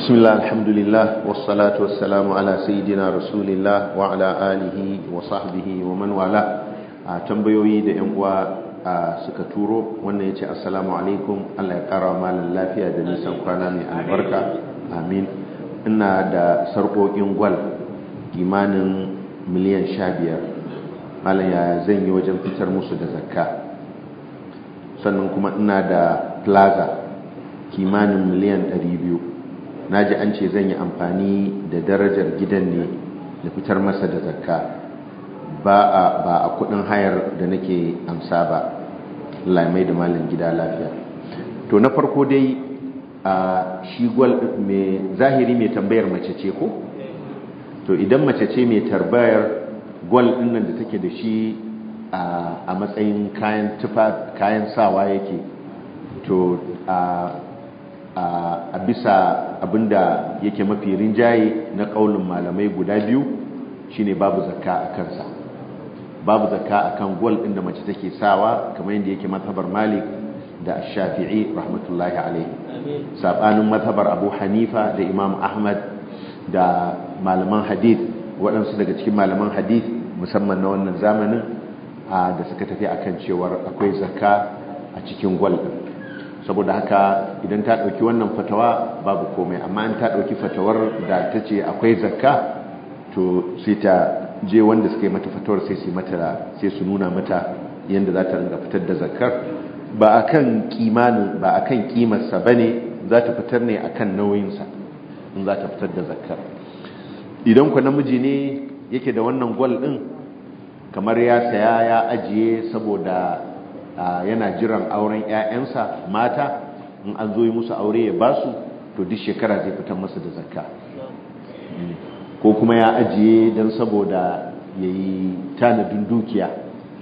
بسم الله الحمد لله والصلاة والسلام على سيدنا رسول الله وعلى آله وصحبه ومن والاه tambayoyi da yan uwa suka turo wannan yace assalamu alaikum Allah ya kara malam lafiya da nisan kwana mai albarka amin ina da sarƙoƙin gwal kimanin miliyan 15 malan ya zan yi wajen fitar musu da zakka sannan kuma ina da plaza kimanin miliyan ɗari biyu. na ji an ce zan yi amfani da darajar gidan ne da fitar masa da zakka ba a kudin hayar da nake amsa ba laimai da malin gida lafiya to na farko dai a shigwal mai zahiri mai tambayar mace ce ko to idan mace ce mai tarbayar gwal nan da take da shi a matsayin kayan tufa kayan sawa yake to a bisa abinda yake mafi rinjaye na kaulin malamai guda biyu shine babu zakka a kansa babu zakka akan gwal ɗin da mace take sawa kamar yadda yake matabar Malik da Shafi'i rahmatullahi alaihi sabanin mazhabar Abu Hanifa da Imam Ahmad da malaman hadith waɗansu daga cikin malaman hadith musamman na wannan zamanin da suka tafi akan cewar akwai zakka a cikin gwal saboda haka idan ta ɗauki wannan fatawa babu komai amma in ta ɗauki fatawar da ta ce akwai zakka to sai ta je wanda suka mata fatawar sai su nuna mata yadda za ta ringa fitar da zakkar ba kan kimanin ba kan kimarsa bane za ta fitar ne a kan nauyinsa in za ta fitar da zakkar idan ku namiji ne yake da wannan gwal din kamar ya saya ya ajiye saboda yana jiran auren 'ya'yansa mata in an zo yi musu aure ya basu to duk shekara zai fitar masa da zakka ko kuma ya ajiye don saboda ya yi tanadin dukiya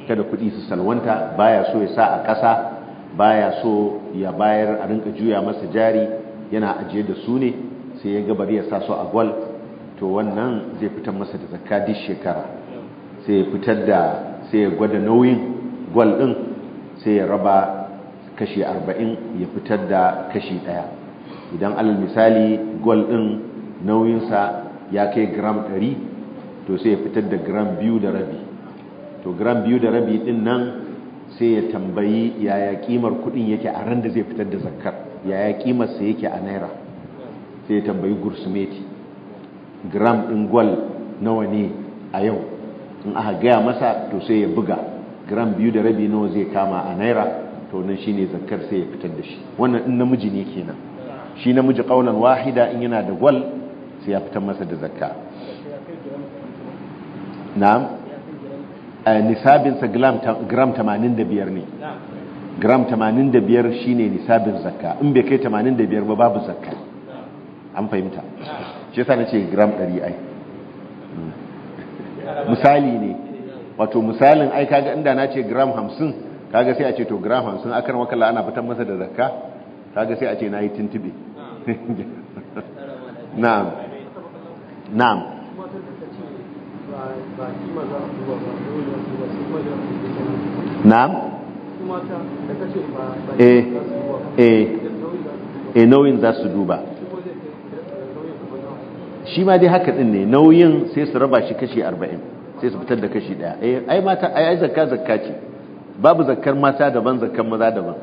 kada kuɗi su salwanta baya so ya sa a ƙasa baya so ya bayar a rinka juya masa jari yana ajiye da su ne sai ya gabar ya sa su a gwal to wannan zai fitar masa da zakka duk shekara sai ya fitar da sai ya gwada nauyin gwal ɗin sai ya raba kashi arba'in ya fitar da kashi ɗaya idan alal misali gwal ɗin nauyinsa ya kai gram ɗari to sai ya fitar da gram biyu da rabi to gram biyu da rabi ɗin nan sai ya tambayi yaya kimar kuɗin yake a ran da zai fitar da zakkar yaya sa yake a naira sai ya tambayi gursumeti gram ɗin gol nawa ne a yau in aka gaya masa to sai ya buga gram biyu da rabi nawa zai kama a naira to nan shine zakkar sai ya fitar da shi wannan in namiji ne kenan shi namiji qaulan wahida in yana da gwal sai ya fitar masa da zakka na'am nisabinsa gram 85 ne gram 85 shine nisabin zakka in bai kai 85 ba babu zakka an fahimta shi yasa nace gram 100 ai hmm. misali ne wato misalin ai kaga inda na ce gram hamsin kaga sai a ce to gram hamsin akan wakala ana fitar masa da zakka kaga sai a ce na yi tuntube na'am na'am na'am eh, eh eh nauyin za su duba shi ma dai haka din ne nauyin sai su raba shi kashi arba'in sai su fitar da kashi daya eh, ai mata ai zakka zakka ce babu zakkar mata daban zakkar maza daban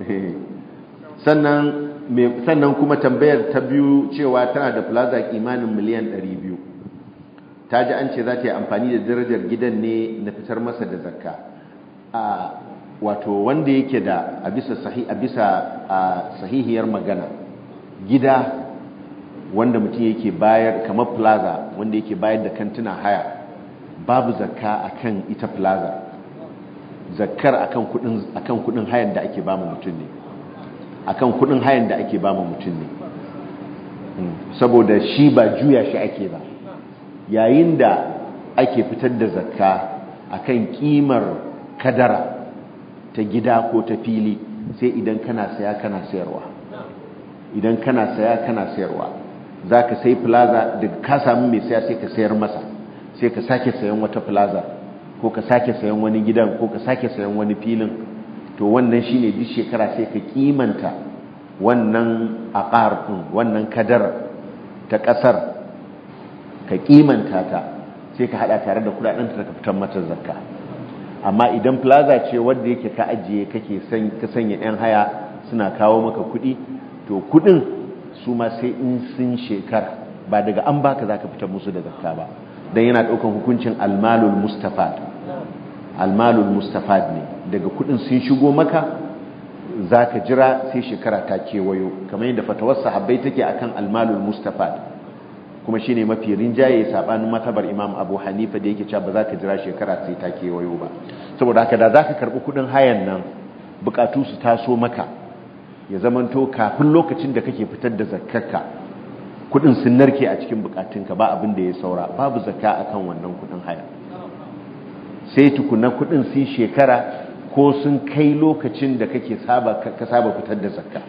sannan sannan kuma tambayar ta biyu cewa tana da plaza imanin miliyan 200 ta ji an ce za ta yi amfani da darajar gidan ne na fitar masa da zakka a wato wanda yake da a bisa a sahihiyar magana gida wanda mutum yake bayar kamar plaza wanda yake bayar da kantuna haya babu zakka akan ita plaza zakkar akan kudin kudin hayan da ake ba mutum ne akan kudin hayan da ake bama mutum ne hmm. saboda shi ba juya shi ake ba yayin da ake fitar da zakka akan kimar kadara ta gida ko ta fili sai idan kana saya kana sayarwa idan kana saya kana sayarwa zaka sai plaza daga ka samu mai saya sai ka sayar masa sai ka sake sayan wata plaza ko ka sake sayan wani gidan ko ka sake sayan wani filin to wannan shine duk shekara sai ka kimanta wannan a ɗin wannan kadar ta ƙasar ka kimanta ta sai ka hada tare da kudaden ta ka fitar mata zakka amma idan plaza ce wanda yake ka ajiye kake san ka sanya yan haya suna kawo maka kuɗi to kuɗin su ma sai in sun shekara ba daga an baka zaka fitar musu da zakka ba dan yana daukan hukuncin almalul mustafad almalul mustafad ne daga kudin sun shigo maka zaka jira sai shekara ta kewayo kamar yadda fatawar sahabbai take akan almalul mustafad kuma shine mafi rinjaye sabanin matabar imam abu hanifa da yake cewa ba za ka jira shekara sai ta kewayo ba saboda haka da za ka karbi kudin hayan nan bukatu su taso maka ya zamanto kafin lokacin da kake fitar da zakkarka kudin sun narke a cikin bukatunka ba abin da ya saura babu zaka akan wannan kudin haya sai tukuna kudin sun shekara ko sun kai lokacin da kake saba saba fitar da zakka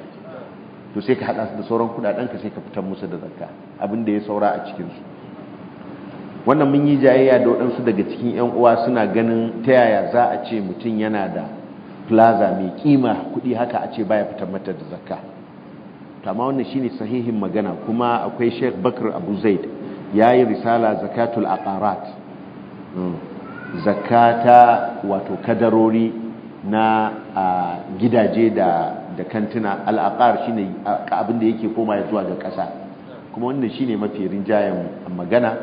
to sai ka hada su da sauran kudaden ka sai ka fitar musu da zakka abin da ya saura a cikinsu. su wannan mun yi jayayya da waɗansu daga cikin yan uwa suna ganin ta yaya za a ce mutum yana da plaza mai kima kuɗi haka a ce baya fitar mata da zakka amma wannan shine sahihin magana kuma akwai Sheikh bakar Abu Zaid yayi risala zakatul aqarat hmm. zakata wato kadarori na gidaje da da kantuna al-aqar shine abin da yake koma zuwa ga kasa kuma wannan shine mafi rinjayen magana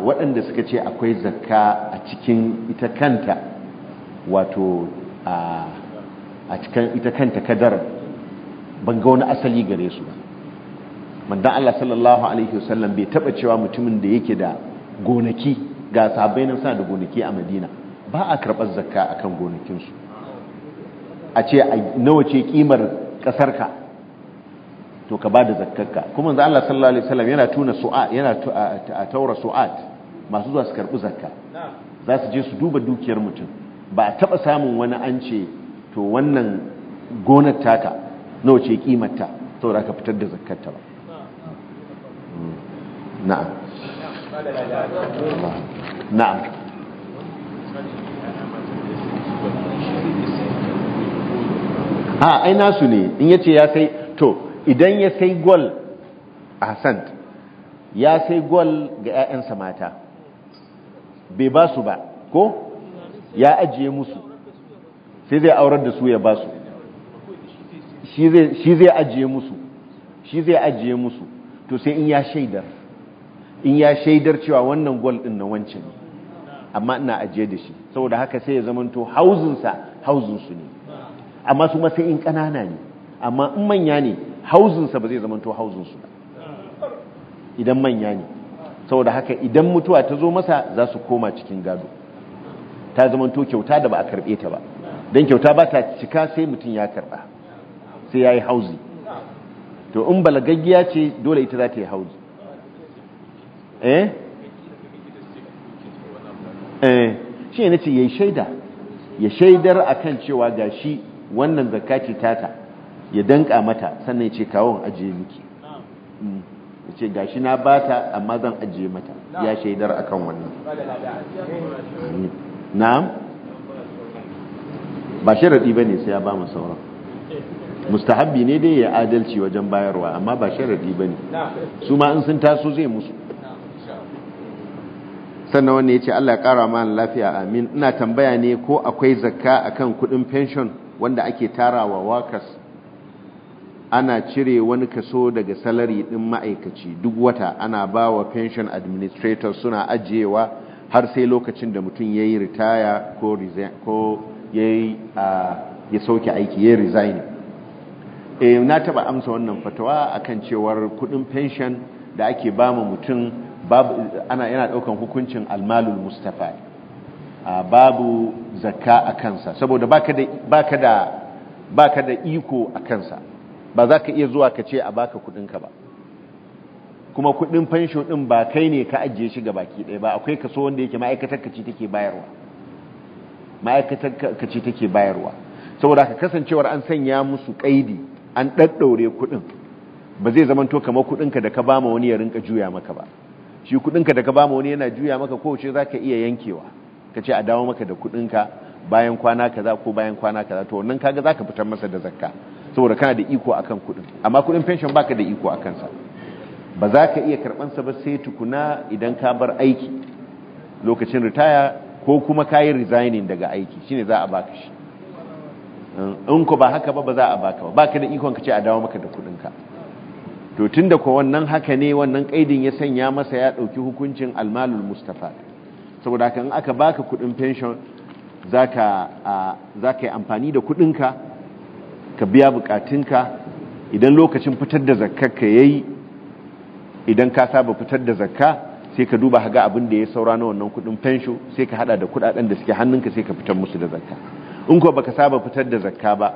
waɗanda suka ce akwai zakka a cikin ita kanta wato a cikin ita kanta kadar ban ga wani asali gare su manzon Allah sallallahu alaihi wasallam bai taba cewa mutumin da yake da gonaki ga sahabbai nan suna da gonaki a Madina ba a karɓar zakka akan gonakin su a ce nawa ce kimar kasar ka to ka bada zakkarka kuma manzon Allah sallallahu alaihi wasallam yana tuna su'a yana taura su'at masu zuwa su karɓi zakka za su je su duba dukiyar mutum ba a taɓa samun wani an ce to wannan gonar taka nawa ce sau saboda aka fitar da zakkarta ba hmm. na'am na'am a ai su ne in yace ya sai to idan ya sai gol a sand ya sai gol ga 'ya'yansa mata bai ba su ba ko ya ajiye musu sai zai aurar da su ya ba su shi zai ajiye musu shi zai ajiye musu to sai in ya shaidar in ya shaidar cewa wannan gwal din na wancan ne amma ina ajiye da shi saboda haka sai ya zamanto hauzinsa hauzinsu ne amma su ma sai in kanana ne amma in manya ne hauzinsa ba zai zamanto hauzinsu ba idan manya ne saboda haka idan mutuwa ta zo masa za su koma cikin gado ta zamanto kyauta da ba a karɓe ta ba don kyauta ba ta cika sai mutum ya karba. sai ya yi hauzi to in balagaggiya ce dole ita za ta yi hauzi eh eh shi ne ce ya yi shaida ya shaidar a kan cewa gashi wannan zakaci tata ya danka mata sannan ya ce kawon ajiye miki mm. ya ce shi na bata amma zan ajiye mata ya shaidar a akan wannan na'am ba sharaɗi ba ne sai ya ba mu sauran mustahabbi ne dai ya adalci wajen bayarwa amma ba sharadi ba ne su ma in sun taso zai musu sannan wanda ya ce allah ya kara mana lafiya amin ina tambaya ne ko akwai zakka akan kudin pension wanda ake tarawa wakas ana cire wani kaso daga salari din ma'aikaci duk wata ana ba wa pension administrator suna ajiyewa har sai lokacin da mutum ya yi ritaya ko ah, ya sauke aiki ya yi resign e na taba amsa wannan fatawa akan cewar kudin pension da ake ba mu mutum babu ana yana daukan hukuncin almalul mustafa babu zakka a kansa saboda baka da baka da da iko a kansa ba za ka iya zuwa ka ce a baka kudinka ba kuma kudin pension din ba kai ne ka ajiye shi baki ɗaya ba akwai kaso wanda yake ma'aikatar kaci take bayarwa ma'aikatar kaci take bayarwa saboda ka kasancewar an sanya musu kaidi an ɗaɗɗaure kuɗin ba zai zamanto kamar kuɗinka da ka ba ma wani ya rinka juya maka ba shi kuɗinka da ka ba ma wani yana juya maka kowace za ka iya yankewa ka ce a dawo maka da kuɗinka bayan kwana kaza ko bayan kwana kaza to wannan kaga za ka fitar masa da zakka saboda kana da iko akan kuɗin amma kuɗin pension baka da iko akan sa ba za ka iya karɓansa ba sai tukuna idan ka bar aiki lokacin ritaya ko kuma ka yi resigning daga aiki shine za a baka shi in ku ba haka ba ba za a baka ba baka da ikon ka ce a dawo maka da kuɗinka to tunda ko wannan haka ne wannan kaidin ya sanya masa ya dauki hukuncin almalul mustafa saboda haka in aka baka kudin pension zaka zaka yi amfani da kudin ka ka biya bukatunka idan lokacin fitar da zakka ka yayi idan ka saba fitar da zakka sai ka duba haga abin da ya saura na wannan kudin pension sai ka hada da kudaden da suke hannunka sai ka fitar musu da zakka in ko baka saba fitar da zakka ba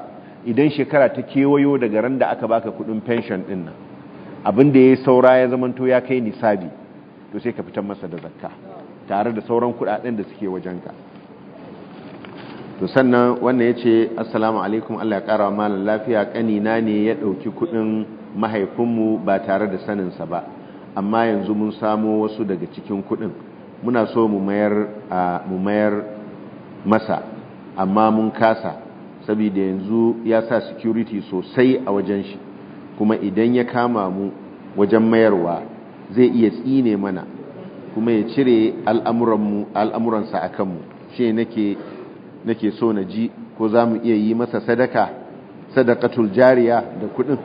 idan shekara ta kewayo daga ran da aka baka kudin pension din nan abin da ya saura ya zamanto ya kai nisabi to sai ka fitar masa da zakka tare da sauran kudaden da suke wajen ka. to sannan wannan yace assalamu alaikum Allah ya kara malan lafiya kanina ne ya dauki kudin mahaifinmu ba tare da sanin sa ba amma yanzu mun samo wasu daga cikin kudin muna so mu mayar mu mayar masa amma mun kasa saboda yanzu ya sa security sosai a wajen shi kuma idan ya kama mu wajen mayarwa zai iya tsine mana kuma ya cire al'amuransa a kanmu shi nake so na ji ko za mu iya yi masa sadaka sadakatul jariya da kudin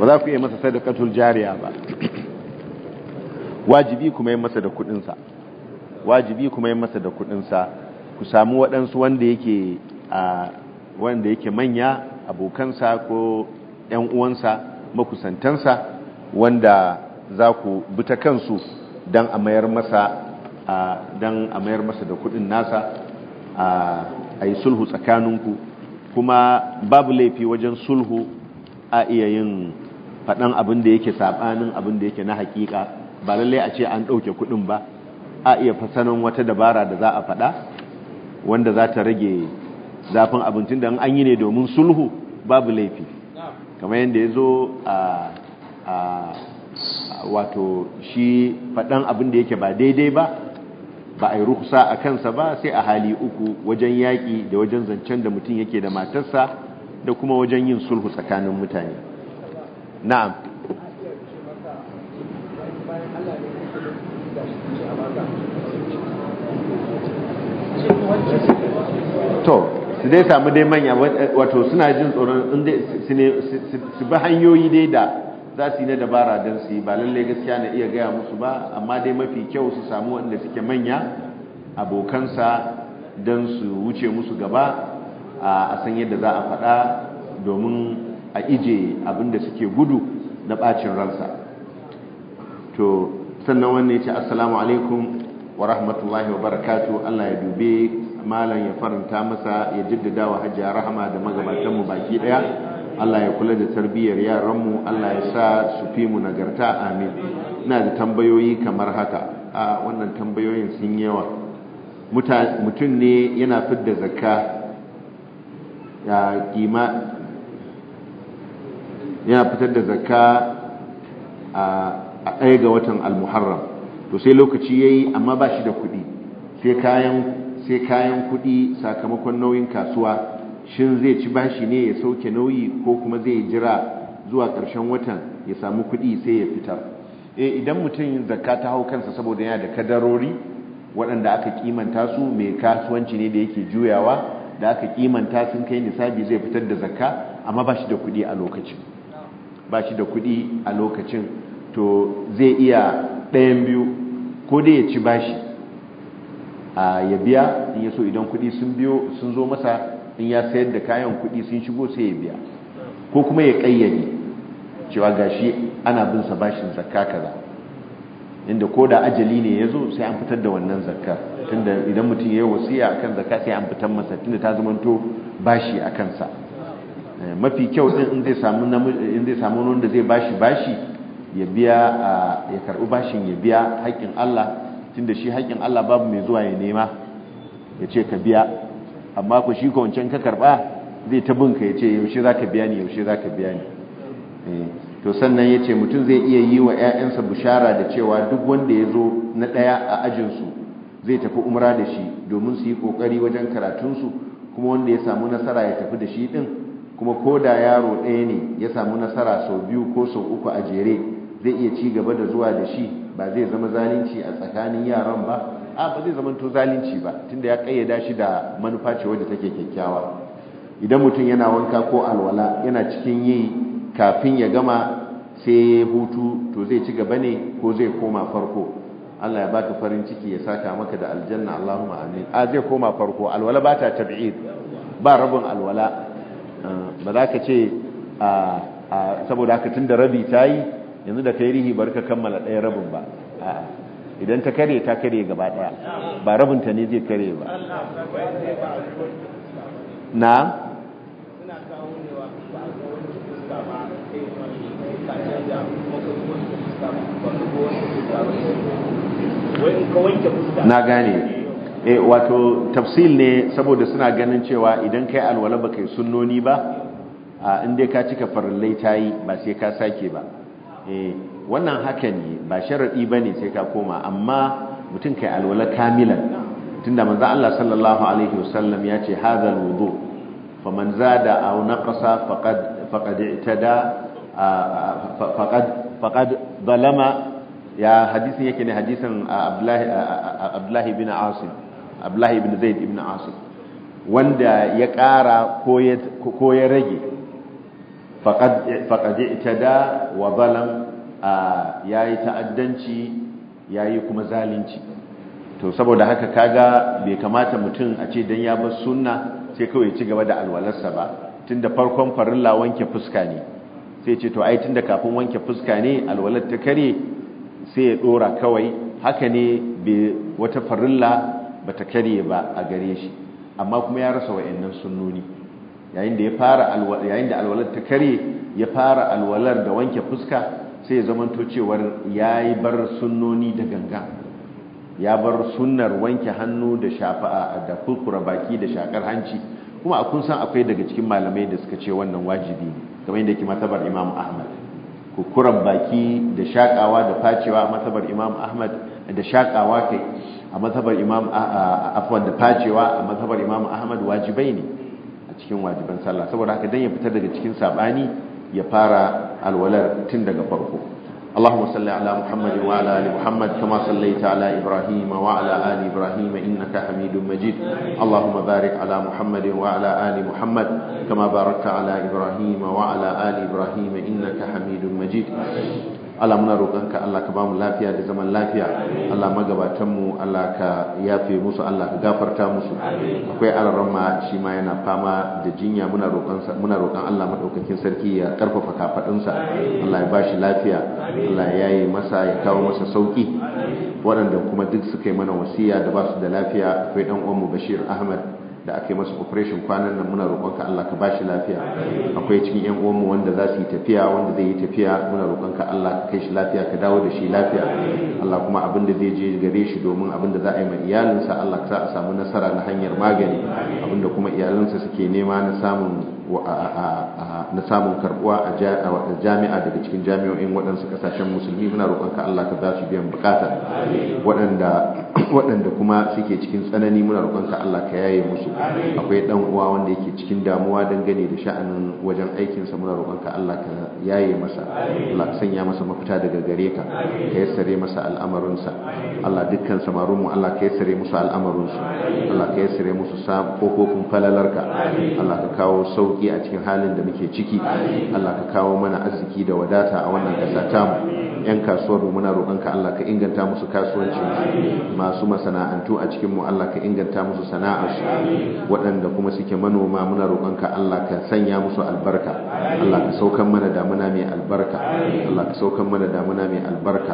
ba za ku iya masa sadakatul jariya ba wajibi kuma yi masa da kudinsa wajibi kuma yin masa da kudinsa ku samu waɗansu wanda yake a wanda yake manya abokansa ko ‘yan uwansa makusantansa wanda za ku bi ta kansu don a mayar masa don a mayar masa da kudin nasa a yi sulhu tsakaninku kuma babu laifi wajen sulhu a iya yin faɗan abin da yake saɓanin abin da yake na haƙiƙa ba lallai a ce an ɗauke kuɗin ba a iya fasanin wata dabara da za a faɗa wanda za ta rage zafin abincin da an yi ne domin sulhu babu laifi kamar yadda ya zo a wato shi faɗan abin da yake ba daidai ba ba a yi rukusa a kansa ba sai a hali uku wajen yaƙi da wajen zancen da mutum yake da matarsa da kuma wajen yin sulhu tsakanin mutane na'am to su dai samu dai manya wato suna jin tsoron su bi hanyoyi dai da za su yi na dabara don su yi ba lalle gaskiya na iya gaya musu ba amma dai mafi kyau su samu wanda suke manya abokansa don su wuce musu gaba a san yadda za a faɗa domin a ije abinda suke gudu na ɓacin ransa to sannan wannan ya ce assalamu alaikum wa rahmatullahi wa barakatu Allah ya dube malam ya faranta masa ya jiddada wa hajjiya rahama da magabatanmu baki daya Allah ya kula da tarbiyyar yaranmu Allah ya sa su fi mu nagarta amin ina da tambayoyi kamar haka a wannan tambayoyin sun yawa mutum ne yana fidda zakka ya kima yana fitar da zakka a a ɗaya ga watan almuharram to sai lokaci ya yi amma ba shi da kuɗi sai kayan kuɗi sakamakon nauyin kasuwa shin zai ci bashi ne ya sauke nauyi ko kuma zai jira zuwa ƙarshen watan ya samu kuɗi sai ya fitar e idan mutum yin zakka ta hau kansa saboda yana da kadarori waɗanda aka kimanta su mai kasuwanci ne da yake juyawa da aka kimanta sun kai nisabi zai fitar da zakka amma ba shi da kuɗi a lokacin ba shi da kuɗi a lokacin to zai iya ɗayan biyu ko dai ya ci bashi a ya biya in ya so idan kuɗi sun biyo sun zo masa in ya sayar da kayan kuɗi sun shigo sai ya biya ko kuma ya ƙayyade cewa gashi ana bin sa bashin zakka kaza inda ko da ajali ne ya zo sai an fitar da wannan zakka tunda idan mutum ya yi wasiya akan zakka sai an fitar masa tunda ta zamanto bashi a kansa eh, mafi kyau din in zai samu wanda zai bashi bashi ya biya ya karɓi bashin ya biya haƙƙin Allah da shi haƙƙin Allah babu mai zuwa ya nema ya ce ka biya amma ku shi wancan ka karɓa zai ta bin ya ce yaushe za ka biya ni yaushe za ka biya ni eh, to sannan ya ce mutum zai iya yi wa 'ya'yansa bishara da cewa duk wanda ya zo na ɗaya a ajinsu zai tafi umra da shi domin su yi ƙoƙari wajen karatunsu kuma wanda ya samu nasara ya tafi da shi ɗin kuma ko da yaro ɗaya ne ya samu nasara sau biyu ko sau uku a jere zai iya ci gaba da zuwa da shi ba zai zama zalunci a tsakanin yaran ba a ba zai zama to zalunci ba tunda ya kayyada shi da manufa ce wadda take kyakkyawa idan mutum yana wanka ko alwala yana cikin yi kafin ya gama sai ya hutu to zai ci gaba ne ko zai koma farko Allah ya baka farin ciki ya saka maka da aljanna Allahumma amin a zai koma farko alwala ba ta tab'id ba rabin alwala ah, ba za ka ce ah, ah, saboda haka tun da rabi ta yi. yanzu da ta yi rihi bar ka kammala ɗaya rabin ba idan ta kare ta kare gaba ɗaya ba rabinta ne zai kare ba na na gane eh wato tafsil ne saboda suna ganin cewa idan kai alwala ba kai sunnoni ba in dai ka cika ta tayi ba sai ka sake ba Eh, wannan haka ne ba ba ne sai ka koma amma mutum kai alwala kamilan da manzan Allah sallallahu alaihi wasallam ya ce hadha alwudu fa manza da au faqad ƙasa faƙad balama ya hadisun yake ne hadisun Abdullahi bin ibn Asim Abdullahi ibn Zaid ibn Asim wanda ya ƙara ko ya rage faƙaɗe ita da wa balam ya yi ta'addanci ya yi kuma zalunci to saboda haka kaga bai kamata mutum a ce don ya ba suna sai kawai ci gaba da alwalarsa ba tun da farkon farilla wanke fuska ne sai ce to ai tun da kafin wanke fuska ne alwalar ta kare sai ya ɗora kawai haka ne bai wata farilla ba ta kare ba a gare shi amma kuma ya rasa wa'annan sunnoni yayin da ya fara alwala yayin da alwalar ta kare ya fara alwalar da wanke fuska sai ya zamanto cewar yayi bar sunnoni da ganga ya bar sunnar wanke hannu da shafa'a da kurkura baki da shakar hanci kuma a kun san akwai daga cikin malamai da suka ce wannan wajibi ne kamar yadda yake matabar Imam Ahmad kurkuran baki da shakawa da facewa a matabar Imam Ahmad da shakawa kai a matabar Imam afwan da facewa a matabar Imam Ahmad wajibai ne cikin wajiban sallah saboda haka dan ya fitar daga cikin saɓani ya fara alwalar tun daga farko Allahumma salli ala Muhammad wa ali Muhammad kama sallaita ala Ibrahim wa ala ali Ibrahim innaka Hamidum Majid Allahumma barik ala Muhammad wa ali Muhammad kama barakta ala Ibrahim wa ala ali Ibrahim innaka Hamidum Majid Allah muna roƙonka Allah ka bamu lafiya da zaman lafiya Allah magabatan mu Allah ka yafe musu Allah ka gafarta musu akwai alarama shi ma yana fama da jinya muna roƙon muna roƙon Allah madaukakin sarki ya karfafa kafadunsa Allah ya bashi lafiya Allah ya yi masa ya kawo masa sauki waɗanda kuma duk suka yi mana wasiya da ba su da lafiya akwai dan uwan mu Bashir Ahmad da aka yi masa operation kwanan nan muna roƙonka Allah ka bashi lafiya akwai cikin ƴan uwanmu wanda za su yi tafiya wanda zai yi tafiya muna roƙonka Allah ka kai shi lafiya ka dawo da shi lafiya Allah kuma abin da zai je gare shi domin abin da za a yi ma iyalinsa Allah ka sa a samu nasara na hanyar magani abin da kuma iyalinsa suke nema na samun na samun karbuwa a jami'a daga cikin jami'o'in waɗansu ƙasashen musulmi muna roƙonka Allah ka ba su biyan bukata waɗanda kuma suke cikin tsanani muna roƙonka Allah ka yaye musu akwai ɗan uwa wanda yake cikin damuwa dangane da sha'anin wajen aikinsa muna roƙonka Allah ka yaye masa Allah ka sanya masa mafita daga gare ka ka yassare masa al'amarinsa Allah dukkan mu Allah ka yassare musu al'amarinsu Allah ka yassare musu kofofin falalarka Allah ka kawo sauki sauki a cikin halin da muke ciki Allah ka kawo mana arziki da wadata a wannan ƙasa tamu 'yan kasuwar mu muna roƙonka Allah ka inganta musu kasuwanci masu masana'antu a cikin mu Allah ka inganta musu sana'arsu waɗanda kuma suke manoma muna roƙonka Allah ka sanya musu albarka Allah ka saukan mana damuna mai albarka Allah ka saukan mana damuna mai albarka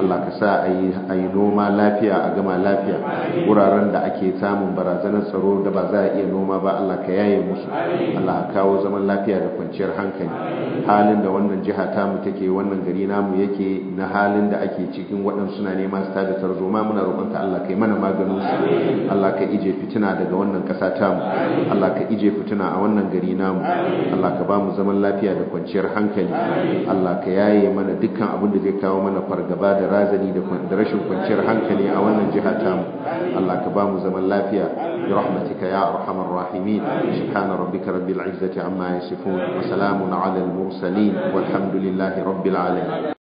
Allah ka sa a yi noma lafiya a gama lafiya wuraren da ake samun barazanar tsaro da ba za a iya noma ba Allah ka yaye musu Allah kawo zaman lafiya da kwanciyar hankali halin da wannan jiha tamu take wannan gari namu yake ne na halin da ake cikin waɗansu na neman su tada tarzoma muna roƙonta Allah kai mana maganin su Allah ka ije fitina daga wannan ƙasa tamu Allah ka ije fitina a wannan gari namu Allah ka ba mu zaman lafiya da kwanciyar hankali Allah ka yaye mana dukkan abin da zai kawo mana fargaba da razani da rashin kwanciyar hankali a wannan jiha tamu Allah ka ba mu zaman lafiya bi rahmatika ya arhamar rahimin subhana rabbika rabbil izzati amma yasifun wa salamun ala al mursalin والحمد لله رب